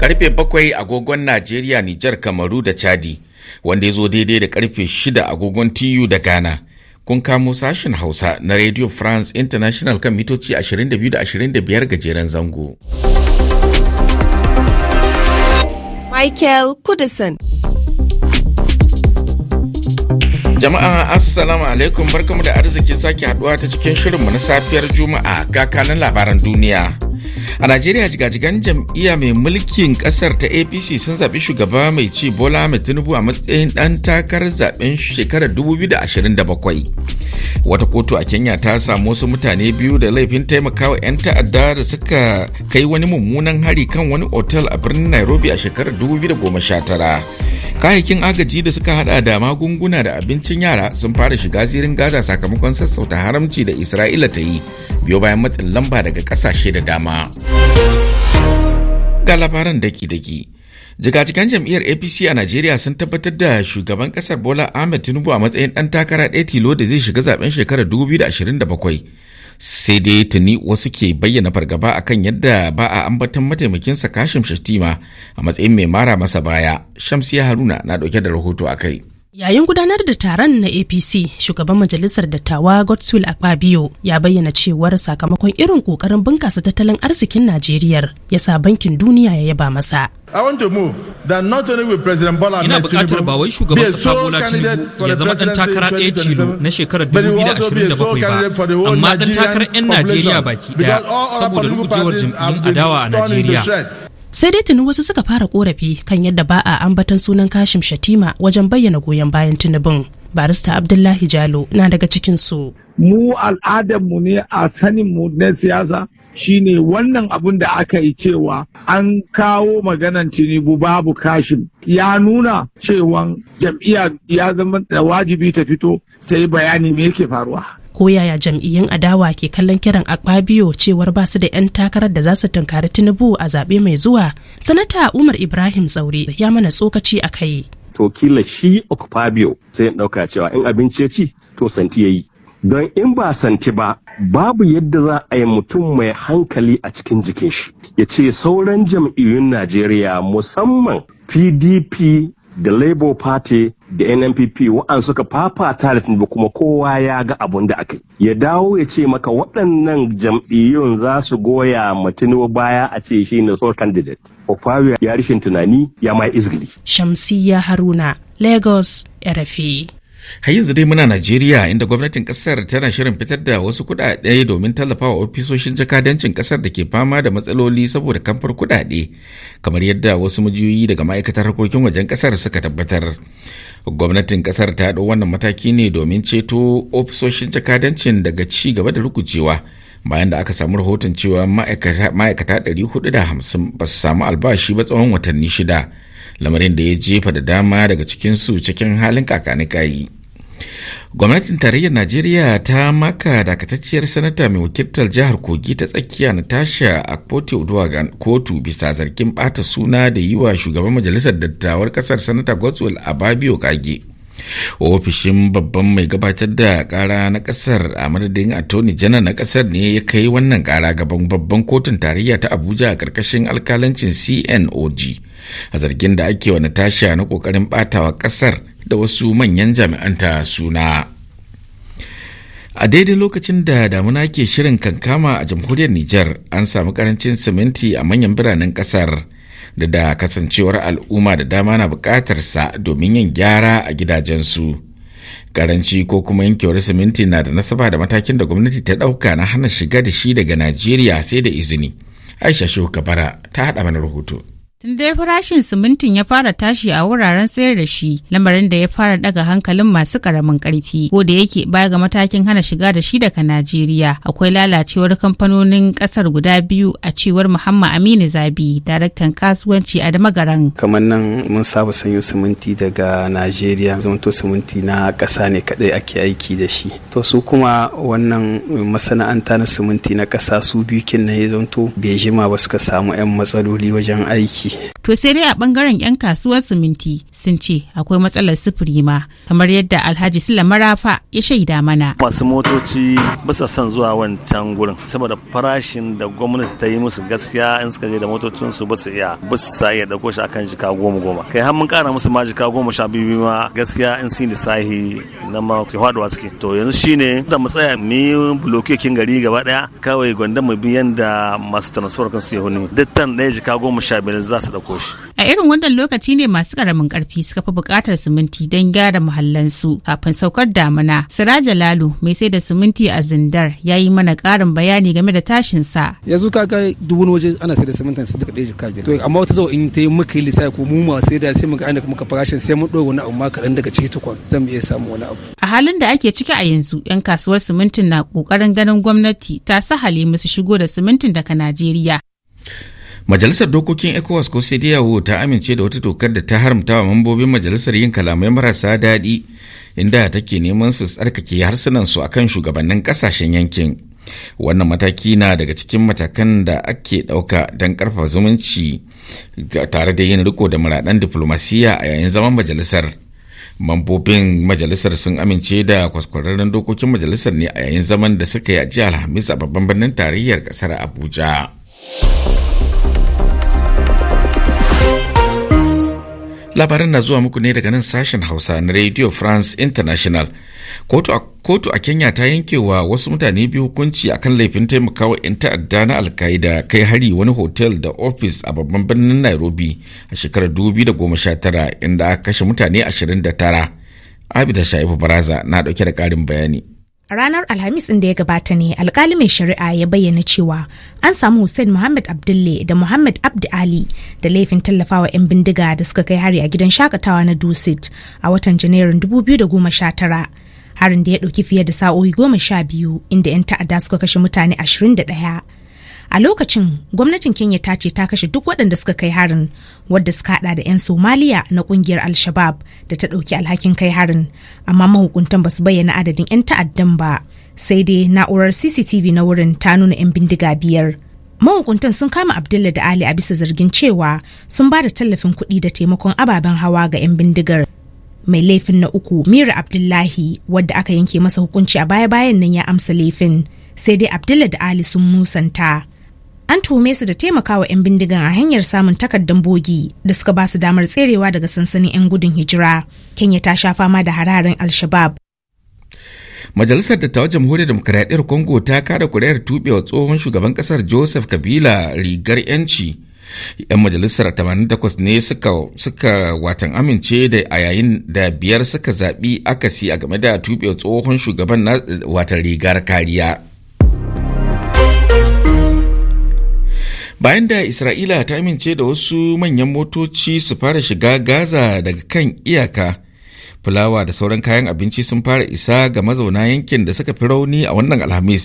karfe bakwai agogon Najeriya, Nijar, Kamaru da Chadi, wanda ya zo daidai da karfe shida agogon TU da Ghana. Kun kamo sashen Hausa na Radio France International kan mitoci 22 25 gajeren zango. Michael Kudison. Jama'a Assalamu alaikum barkamu da arzikin sake haduwa ta cikin shirinmu na safiyar Juma'a ga kanan labaran duniya. a najeriya jigajigan jam'iyya mai mulkin kasar ta apc sun zaɓi shugaba mai ci bola mai tinubu a matsayin ɗan takarar zaɓen shekarar 2027 wata kotu a kenya ta samu wasu mutane biyu da laifin taimakawa 'yan ta'adda da suka kai wani mummunan hari kan wani otal a birnin nairobi a shekarar 2019 kayayyakin agaji da suka hada da magunguna da abincin yara sun fara shiga zirin gaza sakamakon sassauta haramci da isra'ila ta yi biyo bayan matsin lamba daga kasashe da dama ga labaran daki-daki jigajigan jam'iyyar apc a najeriya sun tabbatar da shugaban kasar bola ahmed tinubu a matsayin dan takara ɗaya tilo da zai shiga zaben shekarar 2027 sai dai tuni wasu ke bayyana fargaba akan yadda ba a mataimakin sa kashim shatima a matsayin mai mara masa baya shamsiya haruna na dauke da rahoto a kai Yayin gudanar da taron na APC, shugaban majalisar dattawa Godswill Akpabio ya bayyana cewar sakamakon irin kokarin bunkasa tattalin arzikin Najeriya ya sa bankin duniya ya yaba masa. Ina bukatar ba wai shugaban kasa Bola Tinubu ya zama dan takara ɗaya tilo na shekarar 2027 ba, amma dan takarar 'yan Najeriya baki ɗaya saboda rugujewar jam'iyyun adawa a Najeriya. sai dai tuni wasu suka fara korafi kan yadda ba a ambatan sunan kashim shatima wajen bayyana goyon bayan tunubin barista abdullahi jalo na daga cikin su mu al'adarmu ne a sanin mu na siyasa shine wannan abun da aka yi cewa an kawo maganan tinubu babu kashim ya nuna cewa jam'iyya ya zama da wajibi ta fito ta yi bayani me yake faruwa ko yaya jam'iyyun adawa ke kallon kiran akpabio cewar basu da 'yan takarar da za su tunkari tinubu a zaɓe mai zuwa sanata umar ibrahim tsaure ya mana tsokaci a kai to kila shi akpabio sai in ɗauka cewa in abinci ya ci to santi ya yi don in ba santi ba babu yadda za a yi mutum mai hankali a cikin jikin shi ya ce sauran jam'iyyun najeriya musamman pdp da labour party da nnpp wa'an suka fafata da ba kuma kowa ya ga abun da aka ya dawo ya ce maka waɗannan jam'iyyun za su goya mutum baya a ce shi ne sole candidate ofawiya ya rishin tunani ya mai izgili Shamsiyya haruna lagos rfi har yanzu dai muna najeriya inda gwamnatin kasar tana shirin fitar da wasu kudade domin tallafawa ofisoshin jakadancin kasar da ke fama da matsaloli saboda kamfar kudade kamar yadda wasu majiyoyi daga ma'aikatar harkokin wajen kasar suka tabbatar gwamnatin kasar ta hado wannan mataki ne domin ceto ofisoshin jakadancin daga ci gaba da rukucewa bayan da aka samu rahoton cewa ma'aikata 450 ba su samu albashi ba tsawon watanni shida lamarin da ya jefa da dama daga cikinsu cikin halin kakani kayi. gwamnatin tarayyar najeriya ta maka dakatacciyar sanata mai wakiltar jihar kogi ta tsakiya natasha Kote oduwagan kotu bisa zargin bata suna da yi wa shugaban majalisar dattawar kasar sanata godswill Babio kage ofishin babban mai gabatar da kara na kasar a madadin attorney general na kasar ne ya kai wannan kara gaban babban kotun tarayya ta abuja a karkashin alkalancin cnog a zargin da ake wa natasha na kokarin batawa kasar da wasu manyan jami'anta suna a daidai lokacin da damuna ke shirin kankama a jamhuriyar Nijar, an samu karancin siminti a manyan biranen kasar da da kasancewar al'umma da dama na sa domin yin gyara a gidajensu. karanci ko kuma yankewar siminti na da nasaba da matakin da gwamnati ta ɗauka na hana shiga da shi daga najeriya sai da izini aisha shehu kabara ta haɗa mana rahoto Tun dai farashin simintin ya fara tashi a wuraren sayar da shi, lamarin da ya fara daga hankalin masu karamin karfi, ko da yake baya ga matakin hana shiga da shi daga Najeriya. Akwai lalacewar kamfanonin kasar guda biyu a cewar Muhammad Aminu Zabi, daraktan kasuwanci a Damagaran. Kamar nan mun saba sanyo siminti daga Najeriya, zamanto siminti na ƙasa ne kadai ake aiki da shi. To su kuma wannan masana'anta na siminti na ƙasa su biyu kin na ya zamanto bai jima ba suka samu 'yan matsaloli wajen aiki. To sai dai a bangaren 'yan kasuwar siminti sun ce akwai matsalar sufuri ma kamar yadda Alhaji Sula Marafa ya shaida mana. Masu motoci bisa son zuwa wancan gurin saboda farashin da gwamnati ta yi musu gaskiya in suka je da motocin su basu iya bisa iya dauko shi akan jika goma goma. Kai har mun kara musu ma jika goma sha biyu ma gaskiya in sun lissahi na ma ke faduwa suke. To yanzu shine da mu tsaya mu yi bulokekin gari gaba daya kawai gwandan mu bi yanda masu transfer kan su yi hunu. Duk tan ɗaya jika goma sha biyu za su dauko shi. A irin wannan lokaci ne masu ƙaramin ƙarfi suka fi buƙatar siminti don gyara muhallansu kafin saukar damuna. Siraja Lalo mai sai da siminti a Zindar ya yi mana ƙarin bayani game da tashin sa. Yanzu ka ga duk wani waje ana sai da simintin su duka ɗaya jika To amma wata zau in ta yi muka yi lissafi ko mu ma sai da sai muka aina muka farashin sai mun ɗora wani abu ma kaɗan daga ciki tukun zan iya samu wani abu. A halin da ake ciki a yanzu 'yan kasuwar simintin na ƙoƙarin ganin gwamnati ta sahale musu shigo da simintin daga Najeriya Majalisar Dokokin ECOWAS ko CDAO ta amince da wata dokar da ta haramta wa mambobin majalisar yin kalamai marasa daɗi inda take neman su tsarkake harsunan su akan shugabannin kasashen yankin. Wannan mataki na daga cikin matakan da ake ɗauka don ƙarfafa zumunci tare da yin riko da muradan diflomasiyya a yayin zaman majalisar. Mambobin majalisar sun amince da kwaskwararren dokokin majalisar ne a yayin zaman da suka yi a jiya Alhamis a babban birnin tarayyar ƙasar Abuja. labaran na zuwa muku ne daga nan sashen hausa na radio france international kotu a kenya ta yankewa wasu mutane biyu hukunci akan laifin taimakawa in ta'adda na alkaida kai hari wani hotel da ofis a babban birnin nairobi a shekarar 2019 inda aka kashe mutane 29 abida shaifu baraza na dauke da karin bayani ranar alhamis inda ya gabata ne alkali mai shari'a ya bayyana cewa an samu hussein muhammad abdulle da muhammad abdi ali da laifin tallafawa 'yan bindiga da suka kai hari a gidan shakatawa na dusit a watan janairun 2019 harin da ya ɗauki fiye da sa'o'i goma sha biyu inda 'yan ta'adda suka kashe mutane 21 a lokacin gwamnatin kenya ta ce ta kashe duk waɗanda suka kai harin wadda suka haɗa da 'yan somaliya na ƙungiyar al-shabab da ta ɗauki alhakin kai harin amma mahukuntan ba su bayyana adadin 'yan ta'addan ba sai dai na'urar cctv na wurin ta nuna 'yan bindiga biyar mahukuntan sun kama Abdullahi da ali a bisa zargin cewa sun ba da tallafin kuɗi da taimakon ababen hawa ga 'yan bindigar mai laifin na uku mira abdullahi wadda aka yanke masa hukunci a baya-bayan nan ya amsa laifin sai dai Abdullahi da ali sun musanta an tuhume su da taimakawa 'yan bindigan a hanyar samun takardar bogi da suka ba su damar tserewa daga sansanin 'yan gudun hijira kenya ta sha fama da hararin al-shabab Majalisar Dattawan Jamhuriyar Demokuraɗiyyar Congo ta kada kuri'ar tubewa tsohon shugaban kasar Joseph Kabila rigar 'yanci. 'Yan majalisar 88 ne suka, suka watan amince da a yayin da biyar suka zaɓi akasi a game da tubewa tsohon shugaban watan rigar kariya. bayan da isra'ila ta amince da wasu manyan motoci su fara shiga gaza daga kan iyaka fulawa da sauran kayan abinci sun fara isa ga mazauna yankin da suka fi rauni a wannan alhamis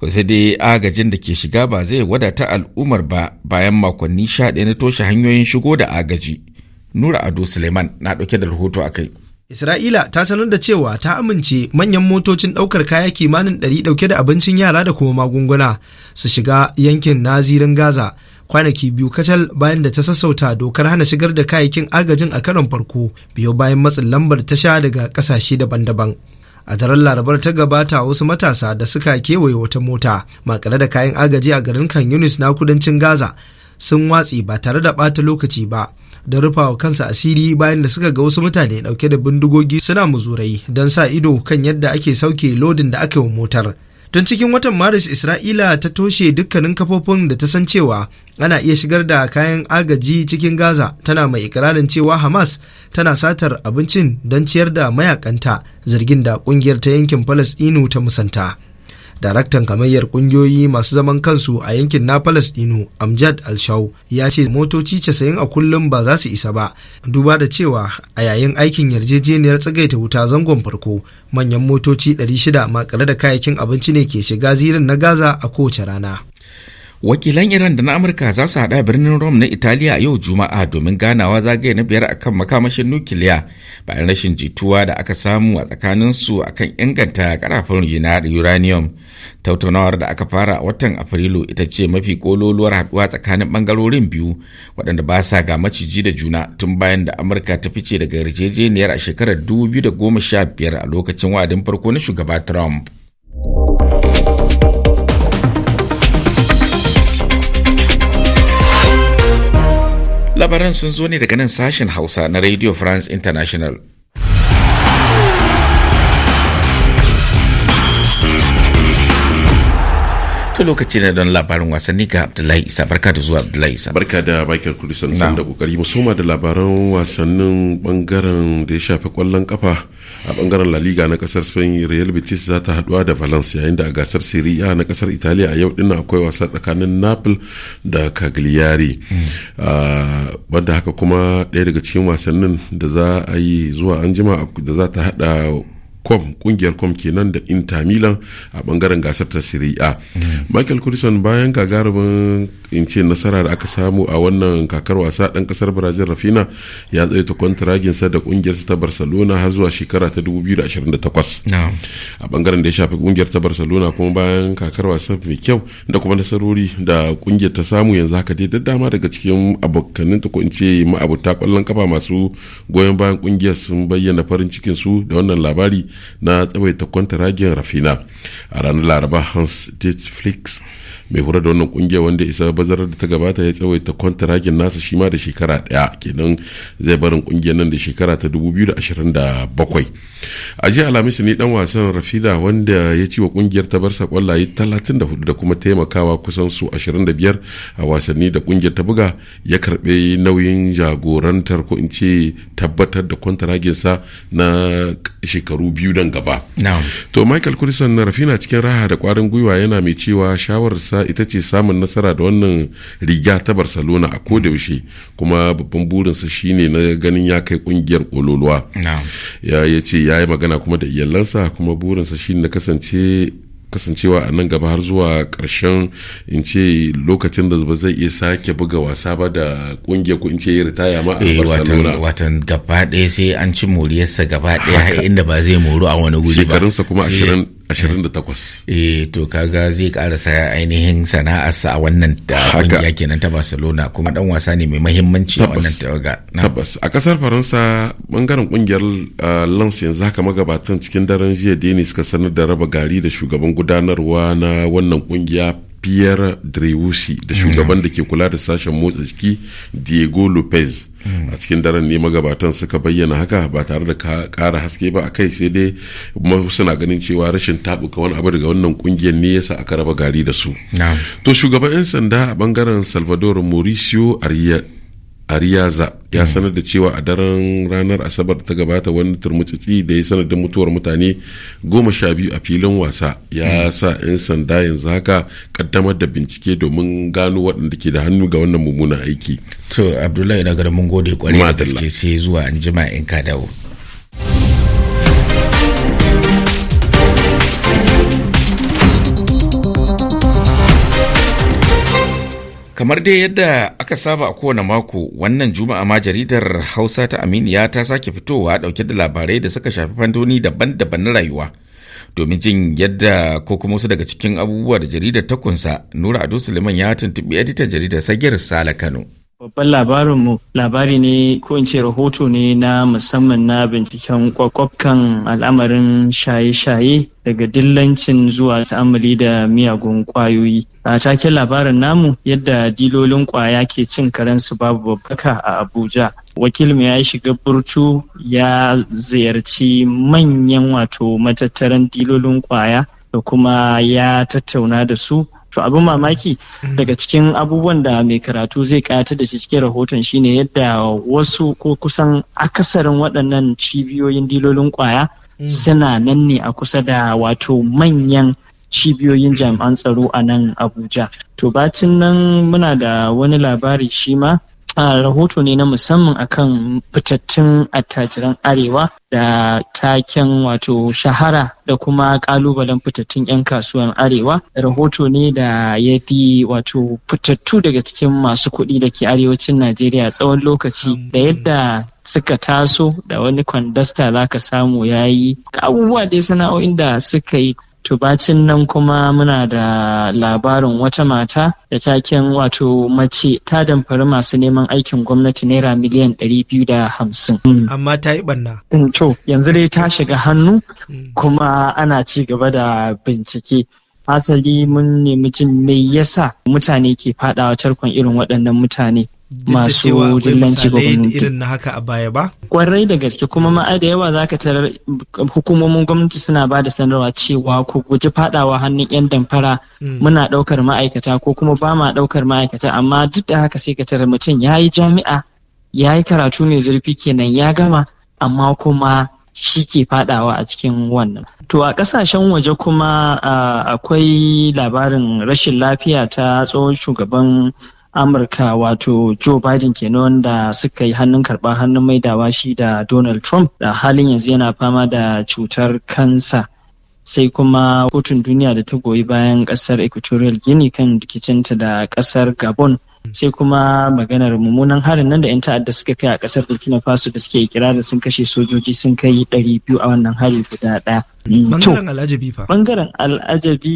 to sai dai agajin da ke shiga ba zai wadata al'ummar ba bayan makonni sha ɗaya na toshe hanyoyin shigo da agaji nura ado suleiman na ɗauke da rahoto a kai Isra'ila ta sanar da cewa ta amince manyan motocin ɗaukar kaya kimanin ɗari ɗauke da abincin yara da kuma magunguna su shiga yankin nazirin Gaza kwanaki biyu kacal bayan da ta sassauta dokar hana shigar da kayayyakin agajin a karon farko biyo bayan matsin lambar ta sha daga ƙasashe daban-daban. a daren larabar ta gabata wasu matasa da suka kewaye wata mota makare da kayan agaji a garin kan yunis na kudancin gaza sun watsi ba tare da ɓata lokaci ba da rufawa kansa asiri bayan da suka ga wasu mutane ɗauke da bindigogi suna muzurai don sa ido kan yadda ake sauke lodin da aka yi wa motar. Tun cikin watan Maris Isra'ila ta toshe dukkanin kafofin da ta san cewa ana iya shigar da kayan agaji cikin Gaza tana mai ikirarin cewa Hamas tana satar abincin don ciyar da mayakanta zargin da ƙungiyar ta yankin Falasɗinu ta musanta. daraktan kamayyar kungiyoyi masu zaman kansu a yankin na dinu, amjad Alshaw, ya ce motoci casa'in a kullum ba za su isa ba duba da cewa a yayin aikin yarjejeniyar tsagaita wuta zangon farko manyan motoci 600 makare da kayayyakin abinci ne ke shiga zirin na gaza a kowace rana wakilan iran da na amurka za su hada birnin rome na italiya a yau juma'a domin ganawa zagaye na biyar akan makamashin nukiliya bayan rashin jituwa da aka samu a tsakanin tsakaninsu akan inganta karafin uranium tattaunawar da aka fara a watan afrilu ita ce mafi kololuwar haduwa tsakanin bangarorin biyu waɗanda ba sa ga maciji da juna tun bayan da amurka ta fice daga yarjejeniyar a shekarar 2015 a lokacin wa'adin farko na shugaba trump labaran sun zo ne daga nan sashen hausa na radio france international ta lokaci na don labarin wasanni ga abdullahi isa barka da zuwa abdullahi isa barka da michael kudisan sun da kokari musoma da labaran wasannin bangaren da ya shafi kwallon kafa a bangaren la liga na kasar spain real betis za ta haduwa da valence yayin da a gasar siriya na kasar italiya a yau din akwai wasa tsakanin naples da cagliari wanda hmm. ah, haka kuma daya daga cikin wasannin da za a yi zuwa anjima da za ta hada com kungiyar com kenan da inter milan a bangaren gasar ta serie a michael curtison bayan gagarumin in ce nasara da aka samu a wannan kakar wasa dan kasar brazil rafina ya tsaye ta kwantaragin sa da kungiyar ta barcelona har zuwa shekara ta 2028 a bangaren da ya shafi kungiyar ta barcelona kuma bayan kakar wasa mai kyau da kuma nasarori da kungiyar ta samu yanzu haka dai da dama daga cikin abokanin ta ko in ce ma'abuta kwallon kafa masu goyon bayan kungiyar sun bayyana farin cikin su da wannan labari na tsawaita kwantaragin rafina a ranar laraba hans flicks mai hura da wannan kungiya wanda isa bazarar da ta gabata ya tsawaita kwantaragin nasa shi ma da shekara daya kenan zai barin kungiyar nan da shekara ta 2027 a jiya alhamis ne dan wasan rafida wanda ya ci wa kungiyar ta barsa kwallaye 34 da kuma taimakawa kusan su 25 a wasanni da kungiyar ta buga ya karbe nauyin jagorantar ko in ce tabbatar da sa na shekaru biyu dan gaba to michael kurisan na rafina cikin raha da kwarin gwiwa yana mai cewa shawararsa ita ce samun nasara da wannan riga ta barcelona a ko yaushe kuma babban burinsa shine na ganin ya kai kungiyar kololuwa ya ce ya yi magana kuma da iyalansa kuma burinsa shine na kasance kasancewa a nan gaba har zuwa karshen in ce lokacin da ba zai iya sake buga wasa ba da kungiyar ko in ce ya ritaya ma a eh, Barcelona watan gaba ɗaya sai an ci moriyarsa gaba ɗaya inda ba zai moru a wani guri ba shekarunsa kuma 28 eh to kaga zai karasa ainihin sana'arsa a wannan kungiya kenan ta Barcelona kuma dan wasa ne mai mahimmanci a wannan tawaga tabbas a kasar Faransa bangaren kungiyar uh, Lens yanzu haka magabatan cikin daren jiya denis suka sanar da raba gari da shugaban gudanarwa na wannan kungiya Pierre Dreyusi da mm. shugaban da ke kula da sashen motsa jiki Diego Lopez a cikin daren ne magabatan suka bayyana haka ba tare da kara haske ba a kai sai dai suna ganin cewa rashin tabuka wani abu daga wannan kungiyar ne yasa aka raba gari da su to shugaban 'yan sanda a bangaren salvador mauricio arias riyaza ya mm. sanar da cewa a daren ranar Asabar ta gabata wani turmutsitsi da ya sanar da mutuwar mutane goma sha biyu a filin wasa ya mm. sa 'yan sanda yanzu haka kaddamar da bincike domin gano waɗanda ke da hannu ga wannan mummunan aiki. To Abdullahi daga mun gode kwarai da gaske sai zuwa anjima in ka dawo. kamar dai yadda aka saba a kowane mako wannan juma'a ma jaridar hausa ta aminiya ta sake fitowa dauke da labarai da suka shafi fandoni daban-daban na rayuwa domin jin yadda ko kuma wasu daga cikin abubuwa da jaridar ta kunsa nura ado suleiman ya tuntuɓi editan jaridar sagir sala kano Babban labarinmu labari ne ko in ce rahoto ne na musamman na binciken kwakwakan al'amarin shaye-shaye daga dillancin zuwa ta'amali da miyagun kwayoyi. A taken labarin namu yadda dilolin kwaya ke cin karensu babu babbaka a Abuja. Wakilmu ya shiga burcu, ya ziyarci manyan wato matattaran dilolin kwaya da kuma ya tattauna da su to abin mamaki mm. daga cikin abubuwan da mai karatu zai kayata da shi cikin rahoton shine yadda wasu ko kusan akasarin waɗannan cibiyoyin dilolin kwaya mm. suna nan ne a kusa da wato manyan cibiyoyin jami'an tsaro a nan abuja to bacin nan muna da wani labari shi ma a rahoto ne na musamman akan fitattun attajiran arewa da taken wato shahara da kuma kalubalen fitattun 'yan kasuwan arewa rahoto ne da ya fi wato fitattu daga cikin masu kuɗi da ke arewacin najeriya tsawon lokaci da yadda suka taso da wani kwandasta za ka samu ya yi abubuwa dai sana'o'in da suka yi To bacin nan kuma muna da labarin wata mata da taken wato mace ta damfari masu neman aikin gwamnati naira miliyan ɗari da hamsin. Hmm. Amma ta yi ɓanna. Hmm, to yanzu dai ta hmm. shiga hannu kuma ana ci gaba da bincike. Asali mun nemi jin me yasa mutane ke faɗawa tarkon irin waɗannan mutane. masu jillanci gwamnati. irin na haka a baya ba? Kwarai da gaske kuma ma'ada da yawa za ka tarar hukumomin gwamnati suna ba da sanarwa cewa ku guji fadawa hannun 'yan damfara hmm. muna daukar ma'aikata ko kuma ba ma daukar ma'aikata amma duk da haka sai ka tarar mutum ya yi jami'a ya yi karatu mai zurfi kenan ya gama amma kuma shi ke fadawa a cikin wannan. To a kasashen waje kuma akwai labarin rashin lafiya ta tsohon shugaban amurka wato joe biden kenan wanda suka yi hannun karba hannun maidawa shi da donald trump da halin yanzu yana fama da cutar kansa sai kuma kotun duniya da ta goyi bayan kasar equatorial guinea kan rikicinta da kasar gabon sai kuma maganar mummunan harin nan da 'yan ta'adda suka kai a kasar burkina faso da suke kira da sun kashe sojoji sun kai 200 a wannan hari guda ɗaya. Mm, bangaren al'ajabi fa bangaren al'ajabi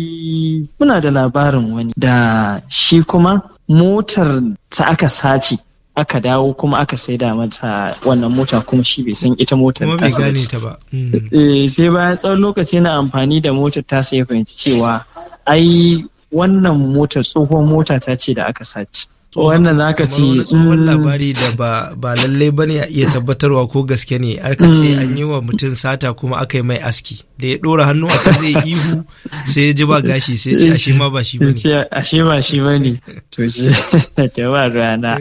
muna da labarin wani da shi kuma motar ta aka sace aka dawo kuma aka saida mata wannan mota kuma shi bai san ita motar ta gane ba hmm. eh, sai bayan tsawon lokaci na amfani da motar ta sai fahimci cewa ai wannan motar tsohon mota ta ce da aka sace wannan naka ce tsohon mm. labari da ba lallai ba ne iya tabbatarwa ko gaske ne aka ce mm. an yi wa mutum sata kuma aka yi mai aski da ya ɗora hannu a zai ihu sai ya ji ba gashi sai ce a ma ba shi bane shi ma shi bane to shi ta ba rana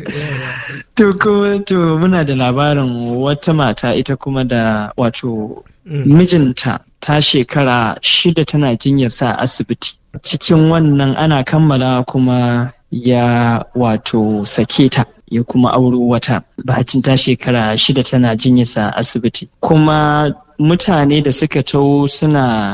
to kuma to muna da labarin wata mata ita kuma da wato mm. mijinta ta shekara shida tana jinyar sa asibiti cikin wannan ana kammala kuma ya wato sake ta ya kuma auro wata bacin ta shekara shida tana jinyasa asibiti kuma mutane da suka tau suna